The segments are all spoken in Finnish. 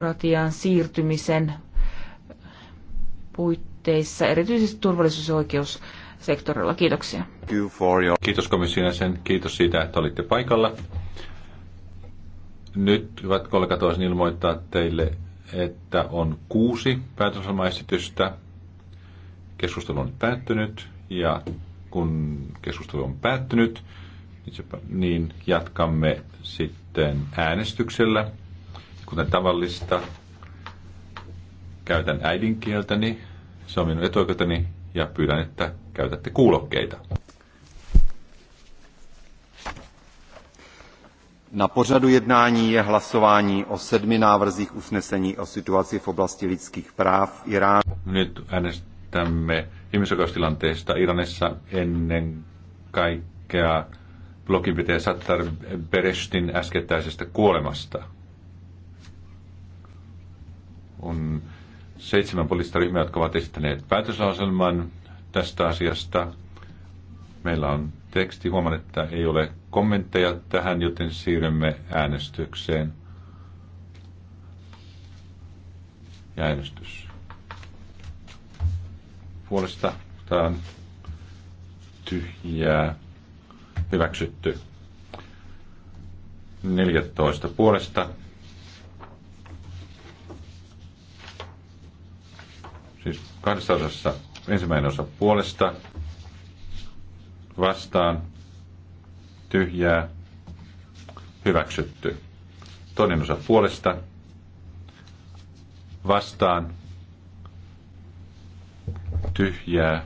demokratian siirtymisen puitteissa, erityisesti turvallisuus- ja oikeussektorilla. Kiitoksia. Kiitos komission sen. Kiitos siitä, että olitte paikalla. Nyt, hyvät kollegat, voisin ilmoittaa teille, että on kuusi päätöslomaesitystä. Keskustelu on päättynyt ja kun keskustelu on päättynyt, niin, niin jatkamme sitten äänestyksellä. Kuten tavallista, käytän äidinkieltäni, se on minun etuoikeuteni, ja pyydän, että käytätte kuulokkeita. Na pořadu jednání je hlasování o sedmi návrzích usnesení o situaci v oblasti lidských práv Irán. Nyt äänestämme ihmisoikeustilanteesta Iranissa ennen kaikkea bloginpitäjä Sattar Berestin äskettäisestä kuolemasta on seitsemän poliittista ryhmää, jotka ovat esittäneet päätöslauselman tästä asiasta. Meillä on teksti. Huomaan, että ei ole kommentteja tähän, joten siirrymme äänestykseen. Ja äänestys. Puolesta tämä on tyhjää. Hyväksytty. 14 puolesta siis kahdessa osassa. Ensimmäinen osa puolesta, vastaan, tyhjää, hyväksytty. Toinen osa puolesta, vastaan, tyhjää,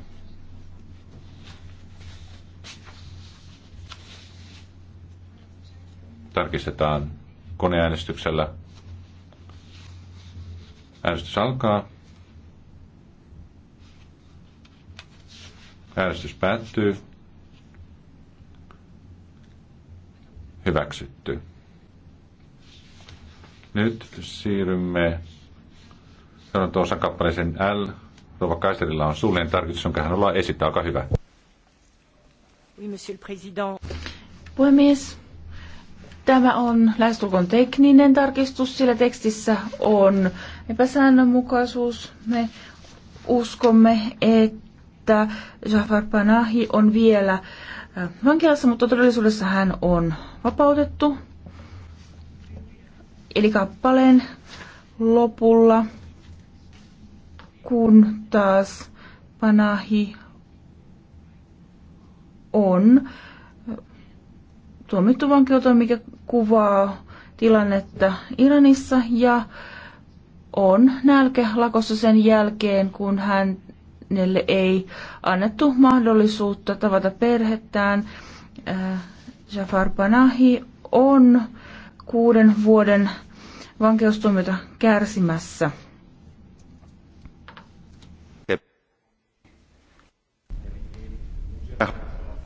tarkistetaan koneäänestyksellä. Äänestys alkaa. Äänestys päättyy. Hyväksytty. Nyt siirrymme Sanon tuossa kappaleeseen L. Rova Kaiserilla on suullinen tarkoitus, jonka hän ollaan esittää. Olkaa hyvä. Oui, monsieur le président. Puhemies, tämä on lähestulkoon tekninen tarkistus, sillä tekstissä on epäsäännönmukaisuus. Me uskomme, että että Jafar Panahi on vielä äh, vankilassa, mutta todellisuudessa hän on vapautettu. Eli kappaleen lopulla, kun taas Panahi on äh, tuomittu vankeuteen, mikä kuvaa tilannetta Iranissa ja on nälkä lakossa sen jälkeen, kun hän hänelle ei annettu mahdollisuutta tavata perhettään. Äh, Jafar Panahi on kuuden vuoden vankeustuomiota kärsimässä.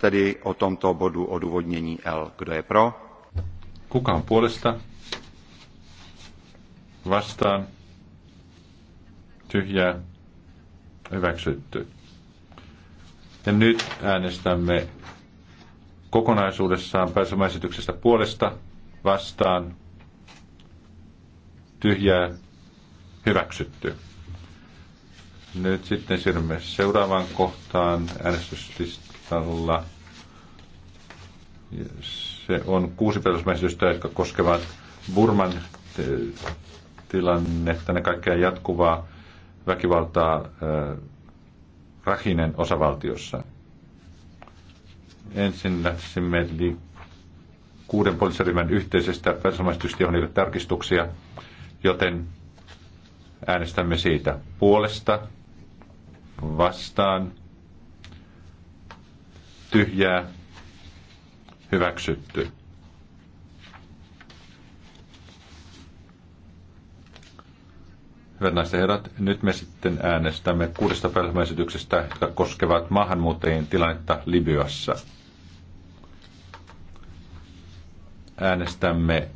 Tedy o tomto bodu odůvodnění L. Kdo je pro? Kuka puolesta? Vastaan. Tyhjää hyväksytty. Ja nyt äänestämme kokonaisuudessaan pääsemäisityksestä puolesta vastaan tyhjää hyväksytty. Nyt sitten siirrymme seuraavaan kohtaan äänestyslistalla. Se on kuusi perusmäisyystä, jotka koskevat Burman eh, tilannetta, ne kaikkea jatkuvaa väkivaltaa Rahinen osavaltiossa. Ensin läksimme kuuden poliisiryhmän yhteisestä perusomaistystä, tarkistuksia, joten äänestämme siitä puolesta, vastaan, tyhjää, hyväksytty. Hyvät naiset ja herrat, nyt me sitten äänestämme kuudesta päivämäisityksestä, jotka koskevat maahanmuuttajien tilannetta Libyassa. Äänestämme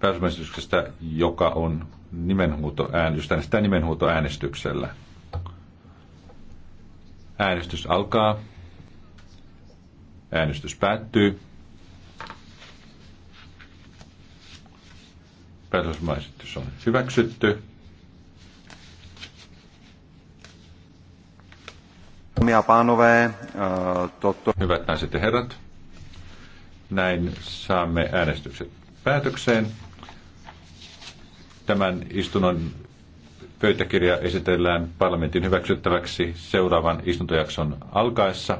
päätösmäisityksestä, joka on nimenhuutoäänestys. Äänestää nimenhuutoäänestyksellä. Äänestys alkaa. Äänestys päättyy. päätösmaisitys on hyväksytty. Eh, Hyvät naiset ja herrat, näin saamme äänestykset päätökseen. Tämän istunnon pöytäkirja esitellään parlamentin hyväksyttäväksi seuraavan istuntojakson alkaessa.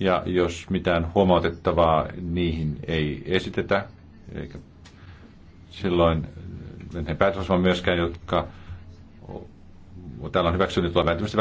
Ja jos mitään huomautettavaa niihin ei esitetä, eikä silloin ne päätösosman myöskään, jotka täällä on hyväksynyt tulevan